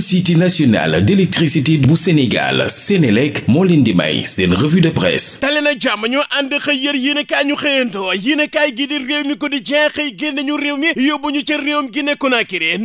société nationale d'électricité bu Sénégal Sénélec moo leen di may seen revue de presse tale na jàmm ñu ànd xëy yër yéenekaay ñu xëyantoo yéenekaay gi di réew mi ko di jen xëy génn ñu réew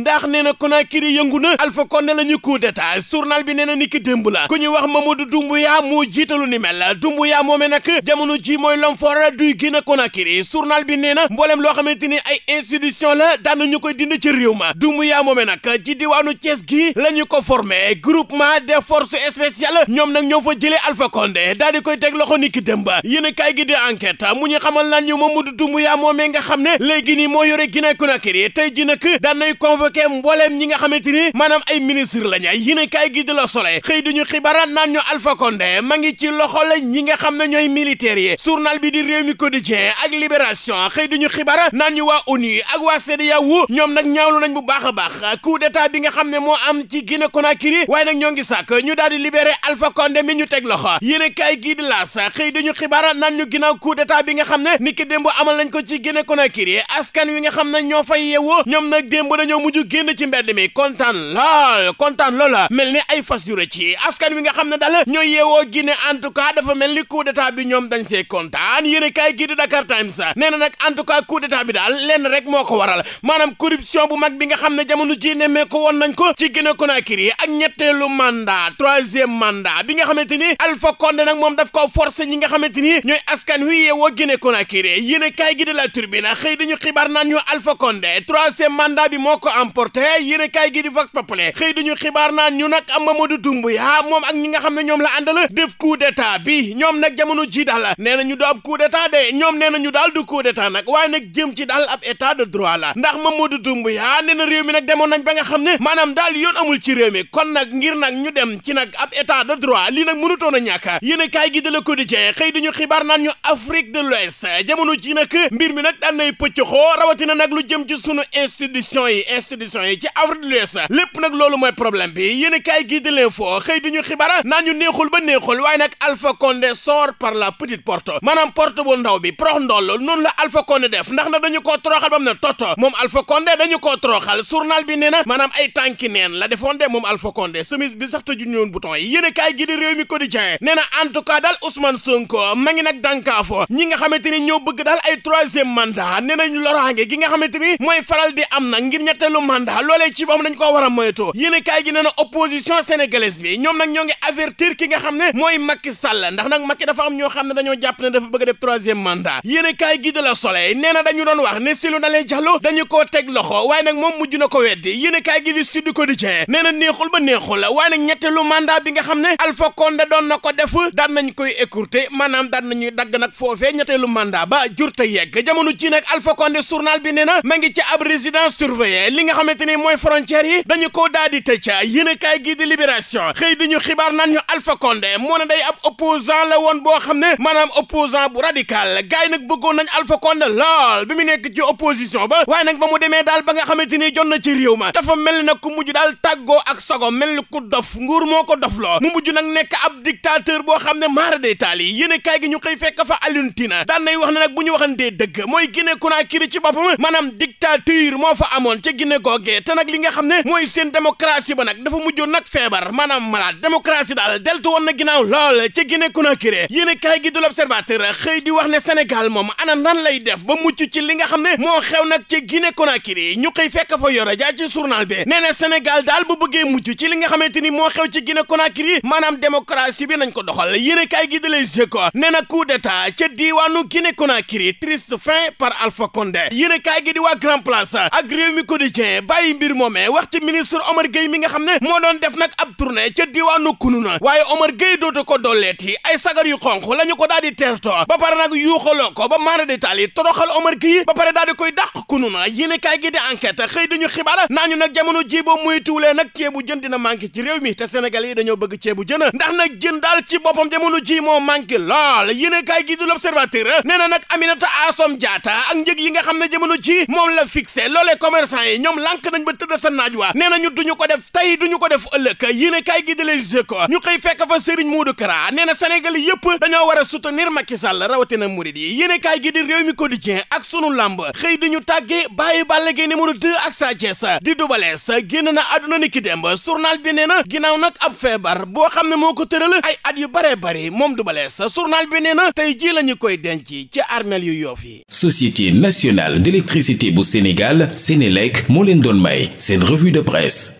ndax nee na Conakry yëngu na Alpha Condé la ñu coup d'état journal bi nee na niki démb la ku ñuy wax Mamadou Doumbouya moo jiitalu ni mel Doumbouya moome nag jamono ji mooy l'homme fort du Guinée Conakry journal bi nee na mbooleem loo xamante ni ay institution la daan ñu koy dind ci ma Doumbouya moome nag ci diwaanu Thiès gi la ñu ko formé groupement des forces spéciales ñoom nag ñoo fa jëlee Alpha konde daal di koy teg loxo ni ki dëmb yéen a kaay gi di enquête mu ñu xamal naan ñu Mamadou Doumbouya moomee nga xam ne léegi nii moo yore Guinée Conakry tey ji nag daan nay convoqué mbooleem ñi nga xamante ni maanaam ay ministre la ña yéen a kaay gi di la Soleil xëy duñu xibaar naan ñu Alpha Condé ma ngi ci loxo la ñi nga xam ne ñooy militaires yi journal bi di Rewmi Quotidien ak Libération xëy duñu xibaar naan ñu waa ONU ak waa CEDEAO ñoom nag ñaawlu nañ bu baax a baax bi nga xam ne moo am fenn ci Guinée Conakry waaye nag ñoo ngi sàkk ñu daal di libéré Alpha Condé mi ñu teg loxo yéen a kaay gii di laas xëy xibaar naan ñu ginnaaw coup d'état bi nga xam ne niki démb amal nañ ko ci Guinée Conakry askan wi nga xam ne ñoo fay yeewoo ñoom nag démb dañoo mujj génn ci mbedd mi kontaan lool kontaan lool mel ni ay fas yu rëcc askan wi nga xam ne daal ñoo yeewoo Guinée en tout cas dafa mel ni coup d'état bi ñoom dañ see kontaan yéen a kaay gii di Dakar Times na nag en tout bi daal moo ko waral maanaam corruption bu mag bi ne jamono ji ne mee Guinée Conakry ak ñetteelu mandat troisième mandat bi nga xamante ni Alpha Condé nag moom daf ko forcé ñi nga xamante ni ñooy askan wi yeewoo Guinée Conakry yéen a kaay gi de la Tribune xëy dañu xibaar naan ñu Alpha Condé troisième mandat bi moo ko emporté yéen a kaay gi di Vox Populi xëy dañu xibaar naan ñu nag yi Doumbouya moom ak ñi nga xam ne ñoom la àndal def coup d'état bi ñoom nag jamono ji daal nee na ñu du ab coup d'état de ñoom nee na ñu daal du coup d'état nag waaye nag jëm ci daal ab état de droit la ndax Mamadou Doumbouya nee na réew mi nag demoon nañ ba nga xam ne maanaam daal yoon amul ci réew mi kon nag ngir nag ñu dem ci nag ab état de droit lii nag mënutoon a ñàkk yéen a kaay gi de la Quotidien xëy di ñu xibaar naan ñu Afrique de l'Ouest jamono ji nag mbir mi nag daan nay pëccxoo rawatina nag lu jëm ci sunu institution yi institution yi ci Afrique de l'Ouest lépp nag loolu mooy problème bi yéen a kaay gi de l'info xëy di ñu xibaar naan ñu neexul ba neexul waaye nag Alpha Condé sort par la petite porte maanaam porte bu ndaw bi prox ndoll noonu la Alpha Condé def ndax nag dañu koo toroxal ba mu ne tot moom Alpha Condé dañu koo toroxal journal bi defoon de moom Alpha Condé chemise bi sax tëjuñu woon bouton yi yéen a kaay gi di réew mi na en tout cas daal Ousmane Sonko ma ngi ñi nga xamante ni ñoo bëgg dal ay troisième mandat nee nañ loraange gi nga xamante ni mooy faral di am na nag ngir ñetteelu mandat loolee ci boppam dañ ko war a moytu yéen a kaay gi ne na opposition sénégalaise bi ñoom nag ñoo ngi avertir ki nga xam ne mooy Macky Sall ndax na Macky dafa am ñoo xam ne dañoo jàpp ne dafa bëgg def troisième mandat yéen a kaay de la nee na dañu doon wax ne Cellou Dalein Diallo dañu koo waaye nag moom mujj na ko weddi yéen a kaay nee na neexul ba neexul waaye nag ñetteelu mandat bi nga xam ne Alpha Condé doon na ko def daan nañ koy écourté maanaam daan nañuy dagg nag foofee ñetteelu mandat ba jur te yegg jamono ji nag Alpha Condé journal bi nee na ma ngi ci ab résidence surveillée li nga xamante ni mooy frontières yi dañu ko daal di tëj yéen a kaay gii di libération xëy di ñu xibaar naan ñu Alpha Condé moo ne day opposant la woon boo xam ne maanaam opposant bu la gars yi nag bëggoon nañ Alpha Condé lool bi mu nekk ci opposition ba waaye nag ba mu demee daal ba nga xamante ni jot na ci réew ma dafa mel nag ku mujj daal tàggoo ak sago mel ni ku dof nguur moo ko dof loo mu mujj nag nekk ab dictateur boo xam ne maara day taal yi yéen kaay gi ñu xëy fekk fa Alioune Tine daan nay wax ne nag bu ñu waxantee dëgg mooy Guinée Conakry ci boppam maanaam dictature moo fa amoon ca Guinée googee te nag li nga xam ne mooy seen démocratie ba nag dafa mujjoon nag feebar maanaam malade démocratie daal deltu woon na ginnaaw lool ca Guinée Conakry yéen kaay gi du l'observateur xëy di wax ne Sénégal moom na nan lay def ba mucc ci li nga xam ne moo xew nag ca Guinée Conakry ñu xëy fekk fa yoro jaa ci journal bi nee na Sénégal daal bu bëggee mucc ci li nga xamante ni moo xew ci Guinée Conakry maanaam démocratie bi nañ ko doxal yéen kaay gi di Les Échos nee na coup d'état ca diiwaanu Guinée Conakry triste fin par Alpha Condé yéen kaay gi di waa Grand Place ak réew mi quotidien bàyyi mbir moomee wax ci ministre Omar Gueye mi nga xam ne moo doon def nag ab tournée ca diiwaanu Kununa waaye Omar Gueye dootu ko leet yi ay sagar yu xonq la ko daal di teertoo ba pare nag yuuxaloo ko ba maana di taal yi toroxal Omar Gueye ba pare daal koy dàq kununa yéen kaay gi di enquête xëy dañu xibaar naa ñu nag jamono ji ba muy tuulee nag ceebu jën dina manqué ci réew mi te Sénégal yi dañoo bëgg ceebu jën ndax nag jën daal ci boppam jamono ji moo manqué lool yéen kaay gi di l'observateur nee na nag Aminata Assome Diatta ak njëg yi nga xam ne jamono ji moom la fixé loolee commerçant yi ko def tey duñu Touba nee na Sénégal yëpp dañoo war a soutenir Macky Sall rawatina murid yi yéenekaay gi di réew mi quotidien ak sunu làmb xëy di ñu tàggee bàyyi Balla Gaye numéro 2 ak Sa Thiès di dubalees génn na àdduna ni ki démb journal bi nee na ginnaaw nag ab feebar boo xam ne moo ko tëral ay at yu bare bare moom dubalees journal bi nee na tey jii la ñu koy denc ci armeel yu yoof yi Société nationale d'électricité bu Sénégal Sénélec moo leen doon may seen revue de presse